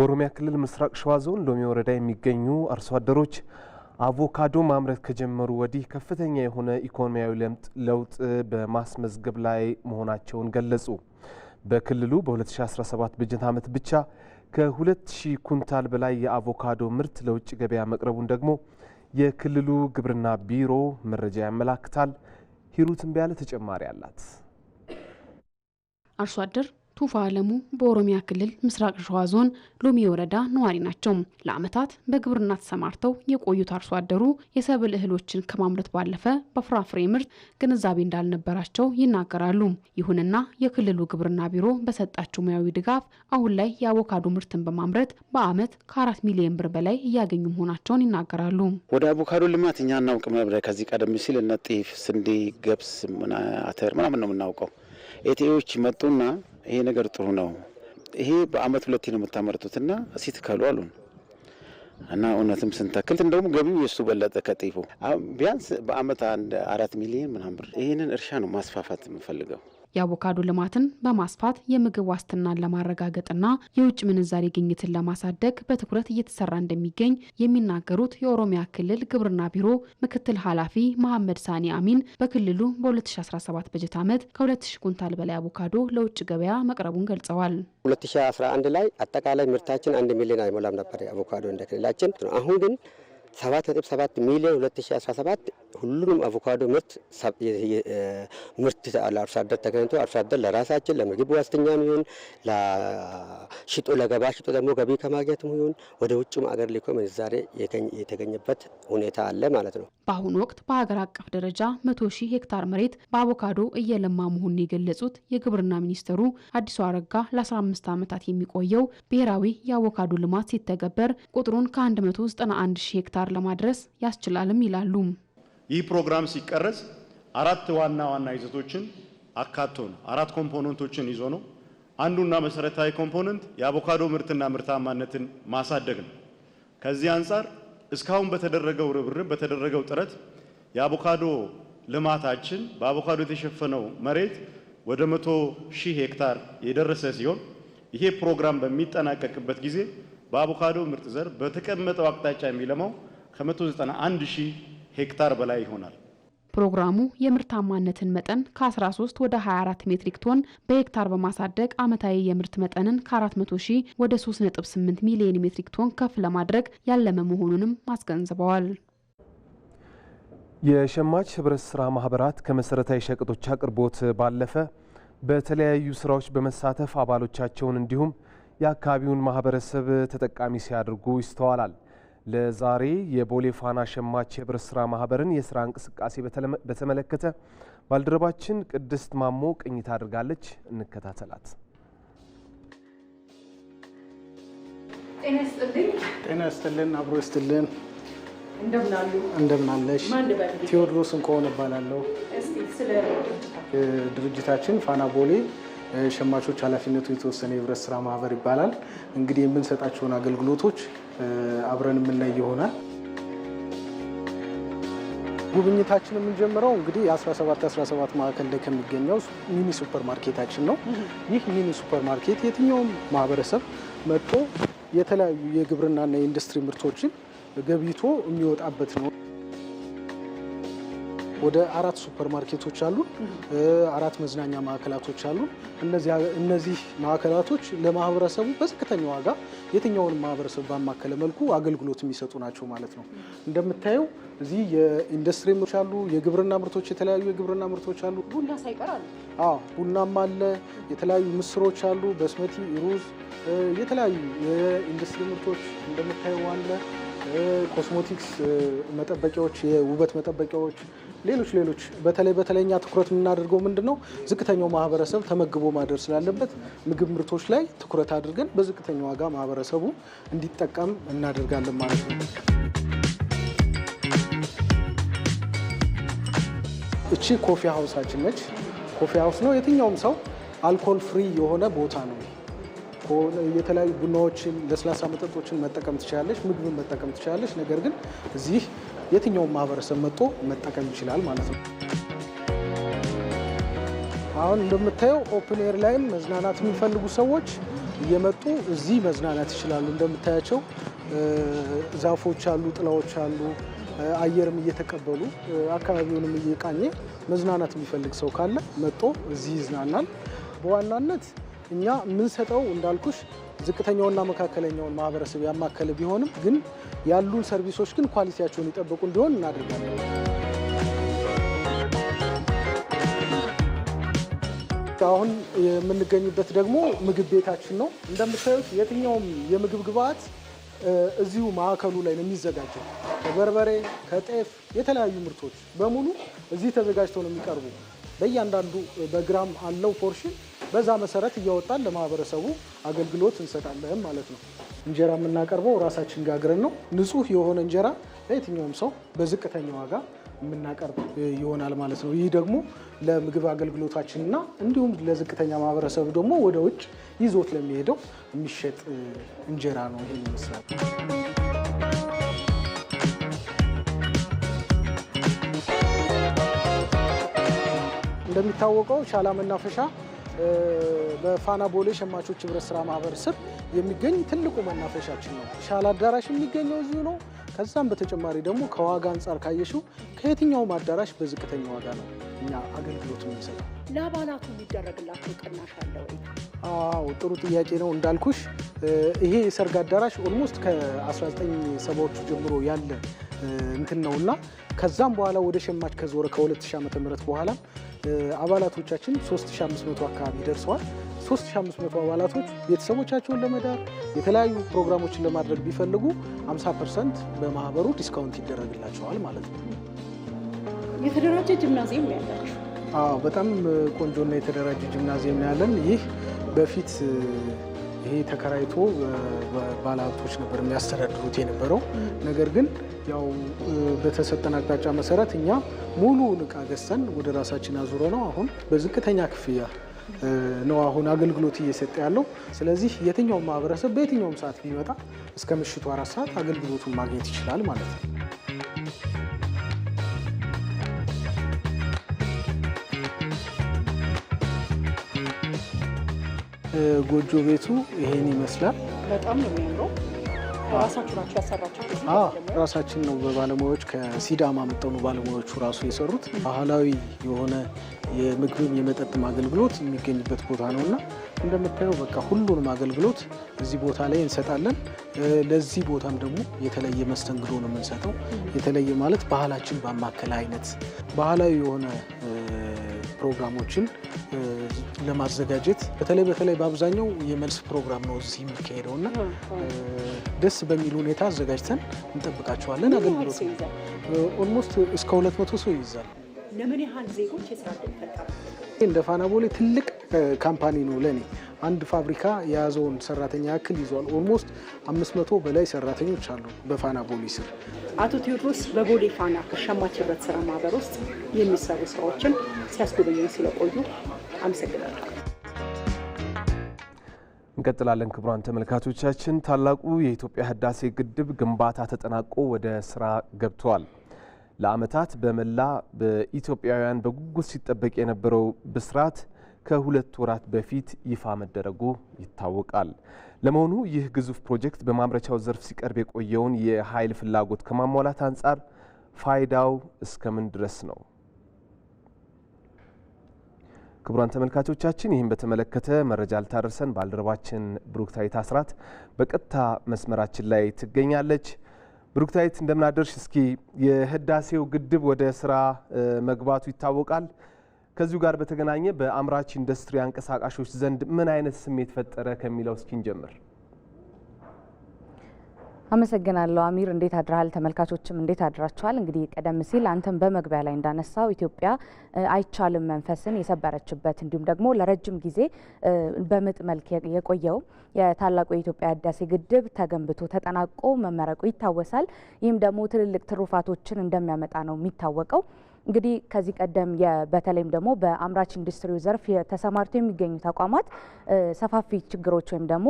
በኦሮሚያ ክልል ምስራቅ ሸዋ ዞን ሎሚ ወረዳ የሚገኙ አርሶ አደሮች አቮካዶ ማምረት ከጀመሩ ወዲህ ከፍተኛ የሆነ ኢኮኖሚያዊ ለውጥ በማስመዝገብ ላይ መሆናቸውን ገለጹ። በክልሉ በ2017 በጀት ዓመት ብቻ ከ2000 ኩንታል በላይ የአቮካዶ ምርት ለውጭ ገበያ መቅረቡን ደግሞ የክልሉ ግብርና ቢሮ መረጃ ያመላክታል። ሂሩት እምቢያለ ተጨማሪ አላት። አርሶ አደር ቱፋ አለሙ በኦሮሚያ ክልል ምስራቅ ሸዋ ዞን ሎሚ ወረዳ ነዋሪ ናቸው። ለዓመታት በግብርና ተሰማርተው የቆዩት አርሶ አደሩ የሰብል እህሎችን ከማምረት ባለፈ በፍራፍሬ ምርት ግንዛቤ እንዳልነበራቸው ይናገራሉ። ይሁንና የክልሉ ግብርና ቢሮ በሰጣቸው ሙያዊ ድጋፍ አሁን ላይ የአቮካዶ ምርትን በማምረት በዓመት ከአራት ሚሊዮን ብር በላይ እያገኙ መሆናቸውን ይናገራሉ። ወደ አቮካዶ ልማት እኛ እናውቅም ነበር። ከዚህ ቀደም ሲል እነ ጤፍ፣ ስንዴ፣ ገብስ፣ አተር ምናምን ነው የምናውቀው። ኤቲኤዎች መጡና ይሄ ነገር ጥሩ ነው፣ ይሄ በአመት ሁለቴ ነው የምታመርቱትና እሴት ከሉ አሉን እና እውነትም ስንተክል እንደውም ገቢው የሱ በለጠ ከጤፉ ቢያንስ በአመት አንድ አራት ሚሊዮን ምናምን ብር። ይህንን እርሻ ነው ማስፋፋት የምፈልገው። የአቮካዶ ልማትን በማስፋት የምግብ ዋስትናን ለማረጋገጥና የውጭ ምንዛሬ ግኝትን ለማሳደግ በትኩረት እየተሰራ እንደሚገኝ የሚናገሩት የኦሮሚያ ክልል ግብርና ቢሮ ምክትል ኃላፊ መሐመድ ሳኒ አሚን በክልሉ በ2017 በጀት ዓመት ከ2000 ኩንታል በላይ አቮካዶ ለውጭ ገበያ መቅረቡን ገልጸዋል። 2011 ላይ አጠቃላይ ምርታችን አንድ ሚሊዮን አይሞላም ነበር አቮካዶ እንደ ክልላችን። አሁን ግን 7.7 ሚሊዮን 2017 ሁሉንም አቮካዶ ምርት ምርት ለአርሶ አደር ተገኝቶ አርሶ አደር ለራሳችን ለምግብ ዋስትኛም ይሁን ለሽጦ ለገባ ሽጦ ደግሞ ገቢ ከማግኘትም ይሁን ወደ ውጭም አገር ልኮ ምንዛሬ የተገኘበት ሁኔታ አለ ማለት ነው። በአሁኑ ወቅት በሀገር አቀፍ ደረጃ መቶ ሺህ ሄክታር መሬት በአቮካዶ እየለማ መሆኑን የገለጹት የግብርና ሚኒስትሩ አዲሱ አረጋ ለ15 ዓመታት የሚቆየው ብሔራዊ የአቮካዶ ልማት ሲተገበር ቁጥሩን ከ191 ሺህ ሄክታር ሄክታር ለማድረስ ያስችላልም ይላሉ። ይህ ፕሮግራም ሲቀረጽ አራት ዋና ዋና ይዘቶችን አካቶ ነው። አራት ኮምፖነንቶችን ይዞ ነው። አንዱና መሰረታዊ ኮምፖነንት የአቮካዶ ምርትና ምርታማነትን ማሳደግ ነው። ከዚህ አንጻር እስካሁን በተደረገው ርብርብ በተደረገው ጥረት የአቮካዶ ልማታችን በአቮካዶ የተሸፈነው መሬት ወደ መቶ ሺህ ሄክታር የደረሰ ሲሆን ይሄ ፕሮግራም በሚጠናቀቅበት ጊዜ በአቮካዶ ምርጥ ዘር በተቀመጠው አቅጣጫ የሚለማው ከ191 ሺህ ሄክታር በላይ ይሆናል። ፕሮግራሙ የምርታማነትን መጠን ከ13 ወደ 24 ሜትሪክ ቶን በሄክታር በማሳደግ ዓመታዊ የምርት መጠንን ከ400 ሺህ ወደ 3.8 ሚሊዮን ሜትሪክ ቶን ከፍ ለማድረግ ያለመ መሆኑንም አስገንዝበዋል። የሸማች ህብረት ስራ ማህበራት ከመሰረታዊ ሸቀጦች አቅርቦት ባለፈ በተለያዩ ስራዎች በመሳተፍ አባሎቻቸውን እንዲሁም የአካባቢውን ማህበረሰብ ተጠቃሚ ሲያደርጉ ይስተዋላል። ለዛሬ የቦሌ ፋና ሸማች የህብረት ስራ ማህበርን የስራ እንቅስቃሴ በተመለከተ ባልደረባችን ቅድስት ማሞ ቅኝት አድርጋለች። እንከታተላት። ጤና ይስጥልን፣ አብሮ ይስጥልን። እንደምን አለሽ? ቴዎድሮስ እንከሆነ እባላለሁ። ድርጅታችን ፋና ቦሌ ሸማቾች ኃላፊነቱ የተወሰነ የህብረት ስራ ማህበር ይባላል። እንግዲህ የምንሰጣቸውን አገልግሎቶች አብረን የምናይ ይሆናል። ጉብኝታችን የምንጀምረው እንግዲህ 17 17 ማዕከል ላይ ከሚገኘው ሚኒ ሱፐር ማርኬታችን ነው። ይህ ሚኒ ሱፐር ማርኬት የትኛውም ማህበረሰብ መጥቶ የተለያዩ የግብርናና የኢንዱስትሪ ምርቶችን ገብይቶ የሚወጣበት ነው። ወደ አራት ሱፐር ማርኬቶች አሉ፣ አራት መዝናኛ ማዕከላቶች አሉ። እነዚህ ማዕከላቶች ለማህበረሰቡ በዝቅተኛ ዋጋ የትኛውንም ማህበረሰብ ባማከለ መልኩ አገልግሎት የሚሰጡ ናቸው ማለት ነው። እንደምታየው እዚህ የኢንዱስትሪ ምርቶች አሉ፣ የግብርና ምርቶች፣ የተለያዩ የግብርና ምርቶች አሉ። ቡና ሳይቀር አለ። አዎ ቡናም አለ። የተለያዩ ምስሮች አሉ፣ በስመቲ ሩዝ፣ የተለያዩ የኢንዱስትሪ ምርቶች እንደምታየው አለ። ኮስሞቲክስ መጠበቂያዎች፣ የውበት መጠበቂያዎች ሌሎች ሌሎች በተለይ በተለይኛ ትኩረት የምናደርገው ምንድን ነው ዝቅተኛው ማህበረሰብ ተመግቦ ማደር ስላለበት ምግብ ምርቶች ላይ ትኩረት አድርገን በዝቅተኛ ዋጋ ማህበረሰቡ እንዲጠቀም እናደርጋለን ማለት ነው። እቺ ኮፊ ሀውሳችን ነች። ኮፊ ሀውስ ነው። የትኛውም ሰው አልኮል ፍሪ የሆነ ቦታ ነው። የተለያዩ ቡናዎችን፣ ለስላሳ መጠጦችን መጠቀም ትችላለች፣ ምግብን መጠቀም ትችላለች። ነገር ግን እዚህ የትኛውም ማህበረሰብ መጥቶ መጠቀም ይችላል ማለት ነው። አሁን እንደምታየው ኦፕን ኤር ላይም መዝናናት የሚፈልጉ ሰዎች እየመጡ እዚህ መዝናናት ይችላሉ። እንደምታያቸው ዛፎች አሉ፣ ጥላዎች አሉ። አየርም እየተቀበሉ አካባቢውንም እየቃኘ መዝናናት የሚፈልግ ሰው ካለ መጦ እዚህ ይዝናናል በዋናነት እኛ የምንሰጠው እንዳልኩሽ ዝቅተኛውና መካከለኛውን ማህበረሰብ ያማከለ ቢሆንም ግን ያሉን ሰርቪሶች ግን ኳሊቲያቸውን ይጠብቁ እንዲሆን እናደርጋለን። አሁን የምንገኝበት ደግሞ ምግብ ቤታችን ነው። እንደምታዩት የትኛውም የምግብ ግብአት እዚሁ ማዕከሉ ላይ ነው የሚዘጋጀው። ከበርበሬ፣ ከጤፍ የተለያዩ ምርቶች በሙሉ እዚህ ተዘጋጅተው ነው የሚቀርቡ። በእያንዳንዱ በግራም አለው ፖርሽን በዛ መሰረት እያወጣን ለማህበረሰቡ አገልግሎት እንሰጣለን ማለት ነው። እንጀራ የምናቀርበው ራሳችን ጋግረን ነው። ንጹህ የሆነ እንጀራ ለየትኛውም ሰው በዝቅተኛ ዋጋ የምናቀርብ ይሆናል ማለት ነው። ይህ ደግሞ ለምግብ አገልግሎታችንና እንዲሁም ለዝቅተኛ ማህበረሰቡ ደግሞ ወደ ውጭ ይዞት ለሚሄደው የሚሸጥ እንጀራ ነው። ይሄን ይመስላል። እንደሚታወቀው ሻላ መናፈሻ በፋና ቦሌ ሸማቾች ህብረት ስራ ማህበር ስር የሚገኝ ትልቁ መናፈሻችን ነው። ሻላ አዳራሽ የሚገኘው እዚሁ ነው። ከዛም በተጨማሪ ደግሞ ከዋጋ አንጻር ካየሽው ከየትኛውም አዳራሽ በዝቅተኛ ዋጋ ነው እኛ አገልግሎት የምንሰጠው። ለአባላቱ የሚደረግላቸው ቅናሽ አለ ወይ? አዎ ጥሩ ጥያቄ ነው። እንዳልኩሽ ይሄ የሰርግ አዳራሽ ኦልሞስት ከ1970ዎቹ ጀምሮ ያለ እንትን እና ከዛም በኋላ ወደ ሸማች ከዞረ ከ2000 ም በኋላ አባላቶቻችን 3500 አካባቢ ደርሰዋል። 3500 አባላቶች ቤተሰቦቻቸውን ለመዳር የተለያዩ ፕሮግራሞችን ለማድረግ ቢፈልጉ 50 ፐርሰንት በማህበሩ ዲስካውንት ይደረግላቸዋል ማለት ነው። የተደራጀ ጂምናዚየም ያላችሁ? አዎ፣ በጣም ቆንጆና የተደራጀ ጂምናዚየም ያለን። ይህ በፊት ይሄ ተከራይቶ ባለሀብቶች ነበር የሚያስተዳድሩት የነበረው። ነገር ግን ያው በተሰጠን አቅጣጫ መሰረት እኛ ሙሉውን እቃ ገዝተን ወደ ራሳችን አዙረ ነው አሁን በዝቅተኛ ክፍያ ነው አሁን አገልግሎት እየሰጠ ያለው። ስለዚህ የትኛውም ማህበረሰብ በየትኛውም ሰዓት ቢመጣ እስከ ምሽቱ አራት ሰዓት አገልግሎቱን ማግኘት ይችላል ማለት ነው። ጎጆ ቤቱ ይሄን ይመስላል። በጣም ነው የሚያምረው። ራሳችን ነው በባለሙያዎች ከሲዳማ መጠኑ ባለሙያዎቹ ራሱ የሰሩት ባህላዊ የሆነ የምግብም የመጠጥም አገልግሎት የሚገኝበት ቦታ ነው እና እንደምታየው በቃ ሁሉንም አገልግሎት እዚህ ቦታ ላይ እንሰጣለን። ለዚህ ቦታም ደግሞ የተለየ መስተንግዶ ነው የምንሰጠው። የተለየ ማለት ባህላችን ባማከለ አይነት ባህላዊ የሆነ ፕሮግራሞችን ለማዘጋጀት በተለይ በተለይ በአብዛኛው የመልስ ፕሮግራም ነው እዚህ የሚካሄደው እና ደስ በሚል ሁኔታ አዘጋጅተን እንጠብቃቸዋለን። አገልግሎት ኦልሞስት እስከ ሁለት መቶ ሰው ይይዛል። ለምን ያህል ዜጎች የስራ እንደ ፋና ቦሌ ትልቅ ካምፓኒ ነው ለእኔ አንድ ፋብሪካ የያዘውን ሰራተኛ ያክል ይዟል። ኦልሞስት አምስት መቶ በላይ ሰራተኞች አሉ በፋና ቦሌ ስር። አቶ ቴዎድሮስ በቦሌ ፋና ከሸማች ህብረት ስራ ማህበር ውስጥ የሚሰሩ ስራዎችን ሲያስጎበኙ ስለቆዩ አመሰግናለሁ። እንቀጥላለን። ክቡራን ተመልካቾቻችን ታላቁ የኢትዮጵያ ህዳሴ ግድብ ግንባታ ተጠናቆ ወደ ስራ ገብቷል። ለአመታት በመላ በኢትዮጵያውያን በጉጉት ሲጠበቅ የነበረው ብስራት ከሁለት ወራት በፊት ይፋ መደረጉ ይታወቃል። ለመሆኑ ይህ ግዙፍ ፕሮጀክት በማምረቻው ዘርፍ ሲቀርብ የቆየውን የኃይል ፍላጎት ከማሟላት አንጻር ፋይዳው እስከምን ድረስ ነው? ክቡራን ተመልካቾቻችን ይህን በተመለከተ መረጃ ልታደርሰን ባልደረባችን ብሩክታዊት አስራት በቀጥታ መስመራችን ላይ ትገኛለች። ብሩክታዊት እንደምናደርሽ። እስኪ የህዳሴው ግድብ ወደ ስራ መግባቱ ይታወቃል። ከዚሁ ጋር በተገናኘ በአምራች ኢንዱስትሪ አንቀሳቃሾች ዘንድ ምን አይነት ስሜት ፈጠረ ከሚለው እስኪ አመሰግናለሁ አሚር። እንዴት አድረሃል? ተመልካቾችም እንዴት አድራችኋል? እንግዲህ ቀደም ሲል አንተም በመግቢያ ላይ እንዳነሳው ኢትዮጵያ አይቻልም መንፈስን የሰበረችበት እንዲሁም ደግሞ ለረጅም ጊዜ በምጥ መልክ የቆየው የታላቁ የኢትዮጵያ ህዳሴ ግድብ ተገንብቶ ተጠናቆ መመረቁ ይታወሳል። ይህም ደግሞ ትልልቅ ትሩፋቶችን እንደሚያመጣ ነው የሚታወቀው። እንግዲህ ከዚህ ቀደም በተለይም ደግሞ በአምራች ኢንዱስትሪው ዘርፍ ተሰማርተው የሚገኙ ተቋማት ሰፋፊ ችግሮች ወይም ደግሞ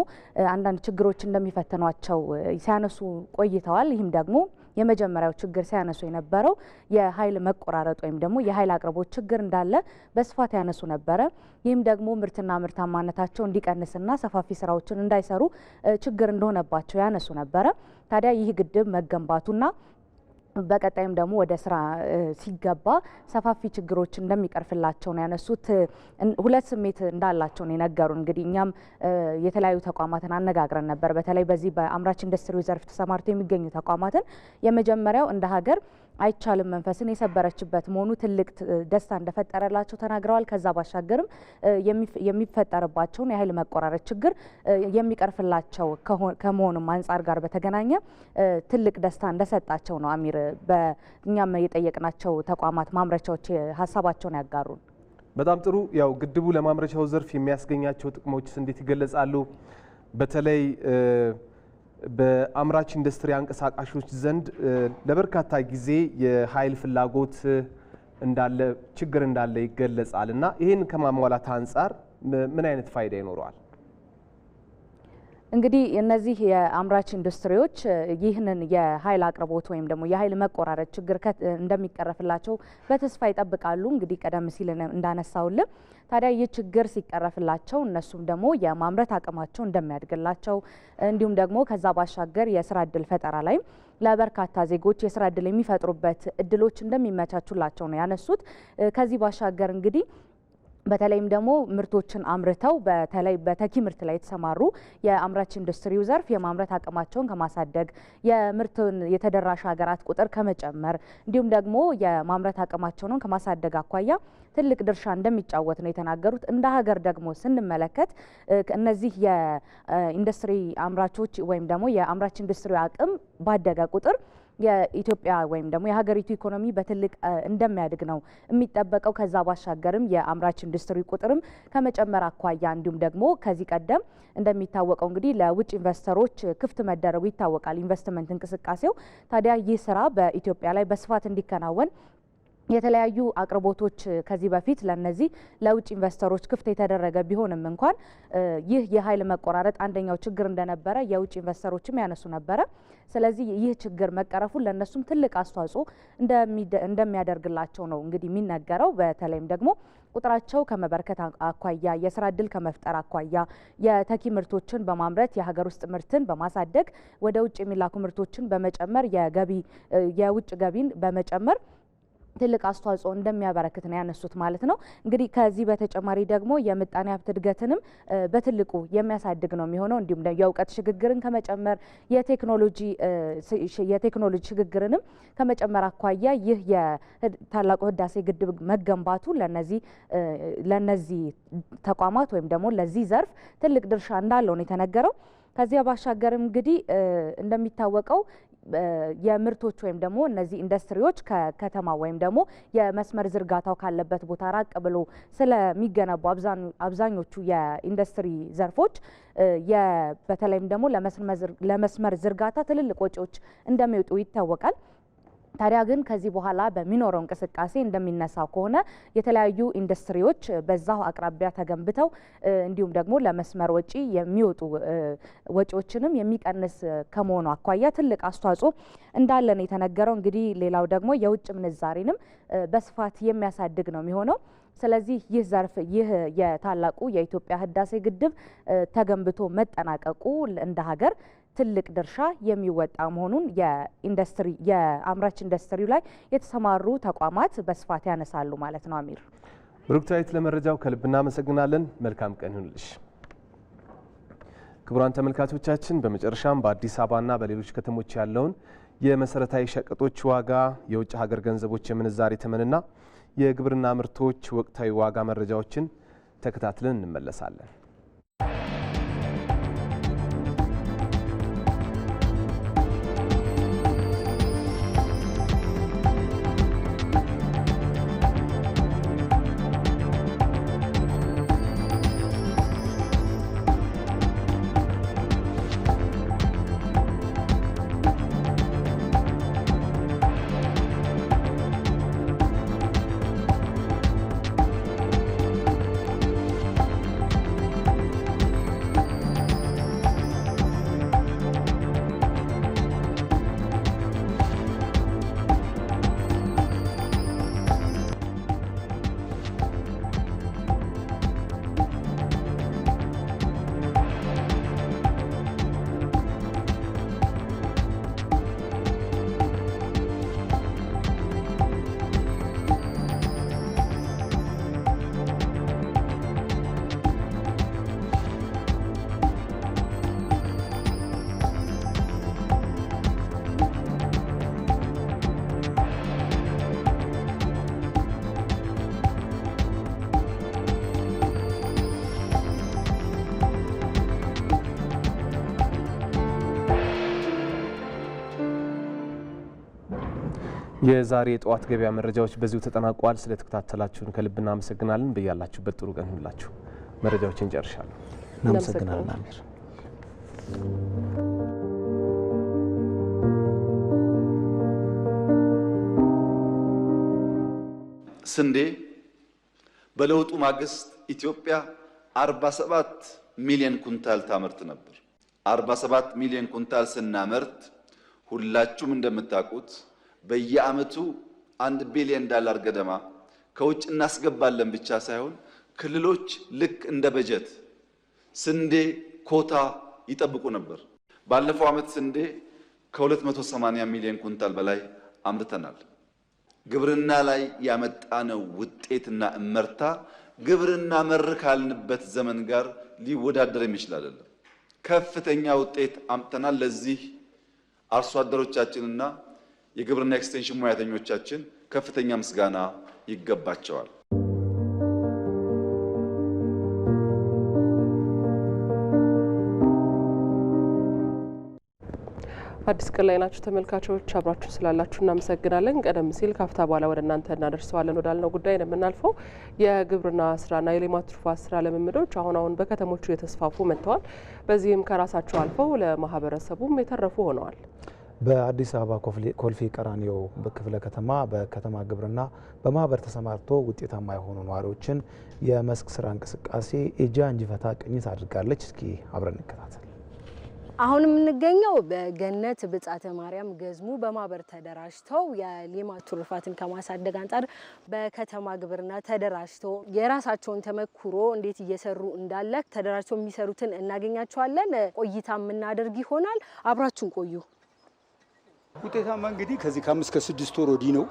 አንዳንድ ችግሮች እንደሚፈትኗቸው ሲያነሱ ቆይተዋል። ይህም ደግሞ የመጀመሪያው ችግር ሲያነሱ የነበረው የኃይል መቆራረጥ ወይም ደግሞ የኃይል አቅርቦት ችግር እንዳለ በስፋት ያነሱ ነበረ። ይህም ደግሞ ምርትና ምርታማነታቸው እንዲቀንስና ሰፋፊ ስራዎችን እንዳይሰሩ ችግር እንደሆነባቸው ያነሱ ነበረ። ታዲያ ይህ ግድብ መገንባቱና በቀጣይም ደግሞ ወደ ስራ ሲገባ ሰፋፊ ችግሮች እንደሚቀርፍላቸው ነው ያነሱት። ሁለት ስሜት እንዳላቸው ነው የነገሩ። እንግዲህ እኛም የተለያዩ ተቋማትን አነጋግረን ነበር። በተለይ በዚህ በአምራች ኢንዱስትሪ ዘርፍ ተሰማርተው የሚገኙ ተቋማትን የመጀመሪያው እንደ ሀገር አይቻልም መንፈስን የሰበረችበት መሆኑ ትልቅ ደስታ እንደፈጠረላቸው ተናግረዋል። ከዛ ባሻገርም የሚፈጠርባቸውን የኃይል መቆራረጥ ችግር የሚቀርፍላቸው ከመሆኑም አንጻር ጋር በተገናኘ ትልቅ ደስታ እንደሰጣቸው ነው አሚር በእኛም የጠየቅናቸው ተቋማት ማምረቻዎች ሀሳባቸውን ያጋሩን። በጣም ጥሩ። ያው ግድቡ ለማምረቻው ዘርፍ የሚያስገኛቸው ጥቅሞችስ እንዴት ይገለጻሉ? በተለይ በአምራች ኢንዱስትሪ አንቀሳቃሾች ዘንድ ለበርካታ ጊዜ የኃይል ፍላጎት እንዳለ ችግር እንዳለ ይገለጻል እና ይህን ከማሟላት አንጻር ምን አይነት ፋይዳ ይኖረዋል? እንግዲህ እነዚህ የአምራች ኢንዱስትሪዎች ይህንን የኃይል አቅርቦት ወይም ደግሞ የኃይል መቆራረጥ ችግር እንደሚቀረፍላቸው በተስፋ ይጠብቃሉ። እንግዲህ ቀደም ሲል እንዳነሳውልን ታዲያ ይህ ችግር ሲቀረፍላቸው እነሱም ደግሞ የማምረት አቅማቸው እንደሚያድግላቸው እንዲሁም ደግሞ ከዛ ባሻገር የስራ እድል ፈጠራ ላይ ለበርካታ ዜጎች የስራ እድል የሚፈጥሩበት እድሎች እንደሚመቻቹላቸው ነው ያነሱት። ከዚህ ባሻገር እንግዲህ በተለይም ደግሞ ምርቶችን አምርተው በተለይ በተኪ ምርት ላይ የተሰማሩ የአምራች ኢንዱስትሪው ዘርፍ የማምረት አቅማቸውን ከማሳደግ የምርትን የተደራሽ ሀገራት ቁጥር ከመጨመር እንዲሁም ደግሞ የማምረት አቅማቸውን ከማሳደግ አኳያ ትልቅ ድርሻ እንደሚጫወት ነው የተናገሩት። እንደ ሀገር ደግሞ ስንመለከት እነዚህ የኢንዱስትሪ አምራቾች ወይም ደግሞ የአምራች ኢንዱስትሪ አቅም ባደገ ቁጥር የኢትዮጵያ ወይም ደግሞ የሀገሪቱ ኢኮኖሚ በትልቅ እንደሚያድግ ነው የሚጠበቀው። ከዛ ባሻገርም የአምራች ኢንዱስትሪ ቁጥርም ከመጨመር አኳያ እንዲሁም ደግሞ ከዚህ ቀደም እንደሚታወቀው እንግዲህ ለውጭ ኢንቨስተሮች ክፍት መደረጉ ይታወቃል። ኢንቨስትመንት እንቅስቃሴው ታዲያ ይህ ስራ በኢትዮጵያ ላይ በስፋት እንዲከናወን የተለያዩ አቅርቦቶች ከዚህ በፊት ለነዚህ ለውጭ ኢንቨስተሮች ክፍት የተደረገ ቢሆንም እንኳን ይህ የኃይል መቆራረጥ አንደኛው ችግር እንደነበረ የውጭ ኢንቨስተሮችም ያነሱ ነበረ። ስለዚህ ይህ ችግር መቀረፉን ለእነሱም ትልቅ አስተዋጽኦ እንደሚያደርግላቸው ነው እንግዲህ የሚነገረው። በተለይም ደግሞ ቁጥራቸው ከመበርከት አኳያ፣ የስራ እድል ከመፍጠር አኳያ፣ የተኪ ምርቶችን በማምረት የሀገር ውስጥ ምርትን በማሳደግ ወደ ውጭ የሚላኩ ምርቶችን በመጨመር የገቢ የውጭ ገቢን በመጨመር ትልቅ አስተዋጽኦ እንደሚያበረክት ነው ያነሱት ማለት ነው። እንግዲህ ከዚህ በተጨማሪ ደግሞ የምጣኔ ሀብት እድገትንም በትልቁ የሚያሳድግ ነው የሚሆነው። እንዲሁም የእውቀት ሽግግርን ከመጨመር የቴክኖሎጂ ሽግግርንም ከመጨመር አኳያ ይህ የታላቁ ህዳሴ ግድብ መገንባቱ ለነዚህ ተቋማት ወይም ደግሞ ለዚህ ዘርፍ ትልቅ ድርሻ እንዳለው ነው የተነገረው። ከዚያ ባሻገርም እንግዲህ እንደሚታወቀው የምርቶች ወይም ደግሞ እነዚህ ኢንዱስትሪዎች ከከተማ ወይም ደግሞ የመስመር ዝርጋታው ካለበት ቦታ ራቅ ብሎ ስለሚገነቡ አብዛኞቹ የኢንዱስትሪ ዘርፎች በተለይም ደግሞ ለመስመር ዝርጋታ ትልልቅ ወጪዎች እንደሚወጡ ይታወቃል። ታዲያ ግን ከዚህ በኋላ በሚኖረው እንቅስቃሴ እንደሚነሳው ከሆነ የተለያዩ ኢንዱስትሪዎች በዛው አቅራቢያ ተገንብተው እንዲሁም ደግሞ ለመስመር ወጪ የሚወጡ ወጪዎችንም የሚቀንስ ከመሆኑ አኳያ ትልቅ አስተዋጽኦ እንዳለ ነው የተነገረው። እንግዲህ ሌላው ደግሞ የውጭ ምንዛሬንም በስፋት የሚያሳድግ ነው የሚሆነው። ስለዚህ ይህ ዘርፍ ይህ የታላቁ የኢትዮጵያ ህዳሴ ግድብ ተገንብቶ መጠናቀቁ እንደ ሀገር ትልቅ ድርሻ የሚወጣ መሆኑን የኢንዱስትሪ የአምራች ኢንዱስትሪው ላይ የተሰማሩ ተቋማት በስፋት ያነሳሉ ማለት ነው። አሚር ብሩክታዊት፣ ለመረጃው ከልብ እናመሰግናለን። መልካም ቀን ይሁንልሽ። ክቡራን ተመልካቾቻችን በመጨረሻም በአዲስ አበባና በሌሎች ከተሞች ያለውን የመሰረታዊ ሸቀጦች ዋጋ፣ የውጭ ሀገር ገንዘቦች የምንዛሬ ተመንና የግብርና ምርቶች ወቅታዊ ዋጋ መረጃዎችን ተከታትለን እንመለሳለን። የዛሬ የጠዋት ገበያ መረጃዎች በዚሁ ተጠናቋል። ስለተከታተላችሁን ከልብ እናመሰግናለን። በያላችሁበት ጥሩ ቀን ሁላችሁ። መረጃዎችን እንጨርሻለሁ። እናመሰግናለን አሚር። ስንዴ በለውጡ ማግስት ኢትዮጵያ 47 ሚሊዮን ኩንታል ታመርት ነበር። 47 ሚሊዮን ኩንታል ስናመርት ሁላችሁም እንደምታውቁት በየአመቱ አንድ ቢሊዮን ዳላር ገደማ ከውጭ እናስገባለን ብቻ ሳይሆን ክልሎች ልክ እንደ በጀት ስንዴ ኮታ ይጠብቁ ነበር። ባለፈው ዓመት ስንዴ ከ280 ሚሊዮን ኩንታል በላይ አምርተናል። ግብርና ላይ ያመጣነው ውጤትና እመርታ ግብርና መር ካልንበት ዘመን ጋር ሊወዳደር የሚችል አይደለም። ከፍተኛ ውጤት አምጥተናል። ለዚህ አርሶ አደሮቻችንና የግብርና ኤክስቴንሽን ሙያተኞቻችን ከፍተኛ ምስጋና ይገባቸዋል። አዲስ ቀን ላይ ናችሁ ተመልካቾች፣ አብራችሁ ስላላችሁ እናመሰግናለን። ቀደም ሲል ካፍታ በኋላ ወደ እናንተ እናደርሰዋለን ወዳልነው ጉዳይ ነው የምናልፈው። የግብርና ስራና የሌማት ትሩፋት ስራ ልምምዶች አሁን አሁን በከተሞቹ የተስፋፉ መጥተዋል። በዚህም ከራሳቸው አልፈው ለማህበረሰቡም የተረፉ ሆነዋል። በአዲስ አበባ ኮልፌ ቀራኒዮ ክፍለ ከተማ በከተማ ግብርና በማህበር ተሰማርቶ ውጤታማ የሆኑ ነዋሪዎችን የመስክ ስራ እንቅስቃሴ እጃ እንጂፈታ ቅኝት አድርጋለች። እስኪ አብረን እንከታተል። አሁን የምንገኘው በገነት ብጻተ ማርያም ገዝሙ በማህበር ተደራጅተው የሌማት ትሩፋትን ከማሳደግ አንጻር በከተማ ግብርና ተደራጅተው የራሳቸውን ተመክሮ እንዴት እየሰሩ እንዳለ ተደራጅተው የሚሰሩትን እናገኛቸዋለን። ቆይታ የምናደርግ ይሆናል። አብራችሁን ቆዩ። ውጤታማ እንግዲህ ከዚህ ከአምስት ከስድስት ወር ወዲህ ነው።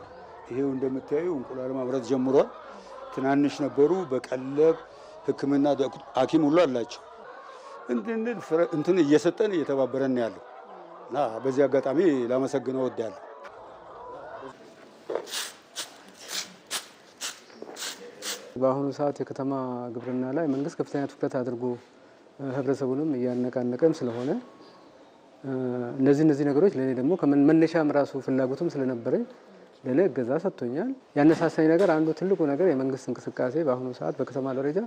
ይሄው እንደምታዩ እንቁላል ማምረት ጀምሯል። ትናንሽ ነበሩ፣ በቀለብ ሕክምና ሐኪም ሁሉ አላቸው። እንትን እየሰጠን እየተባበረን ያለው እና በዚህ አጋጣሚ ላመሰግነው እወዳለሁ። በአሁኑ ሰዓት የከተማ ግብርና ላይ መንግስት ከፍተኛ ትኩረት አድርጎ ህብረተሰቡንም እያነቃነቀም ስለሆነ እነዚህ እነዚህ ነገሮች ለእኔ ደግሞ መነሻም ራሱ ፍላጎቱም ስለነበረኝ ለእኔ እገዛ ሰጥቶኛል። ያነሳሳኝ ነገር አንዱ ትልቁ ነገር የመንግስት እንቅስቃሴ በአሁኑ ሰዓት በከተማ ደረጃ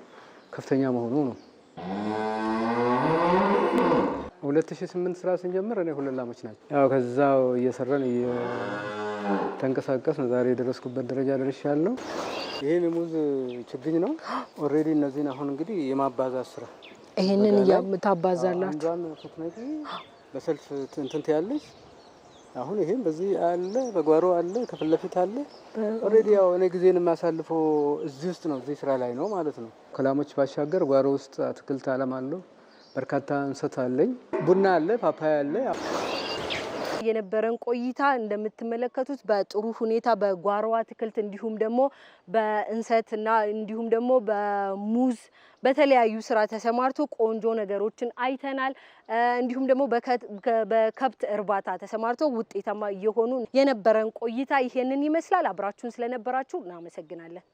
ከፍተኛ መሆኑ ነው። 2008 ስራ ስንጀምር እኔ ሁለት ላሞች ናቸው። ያው ከዛው እየሰራን እየተንቀሳቀስን ዛሬ የደረስኩበት ደረጃ ደርሻለሁ። ይሄን ሙዝ ችግኝ ነው። ኦልሬዲ እነዚህን አሁን እንግዲህ የማባዛት ስራ ይሄንን እያምታባዛላችሁ በሰልፍ እንትንት ያለች አሁን ይሄም በዚህ አለ፣ በጓሮ አለ፣ ከፊት ለፊት አለ። ኦልሬዲ ያው እኔ ጊዜን የማሳልፈው እዚህ ውስጥ ነው፣ እዚህ ስራ ላይ ነው ማለት ነው። ከላሞች ባሻገር ጓሮ ውስጥ አትክልት አለም አለው። በርካታ እንሰት አለኝ። ቡና አለ፣ ፓፓያ አለ። የነበረን ቆይታ እንደምትመለከቱት በጥሩ ሁኔታ በጓሮ አትክልት እንዲሁም ደግሞ በእንሰት እና እንዲሁም ደግሞ በሙዝ በተለያዩ ስራ ተሰማርቶ ቆንጆ ነገሮችን አይተናል። እንዲሁም ደግሞ በከብት እርባታ ተሰማርቶ ውጤታማ እየሆኑ የነበረን ቆይታ ይሄንን ይመስላል። አብራችሁን ስለነበራችሁ እናመሰግናለን።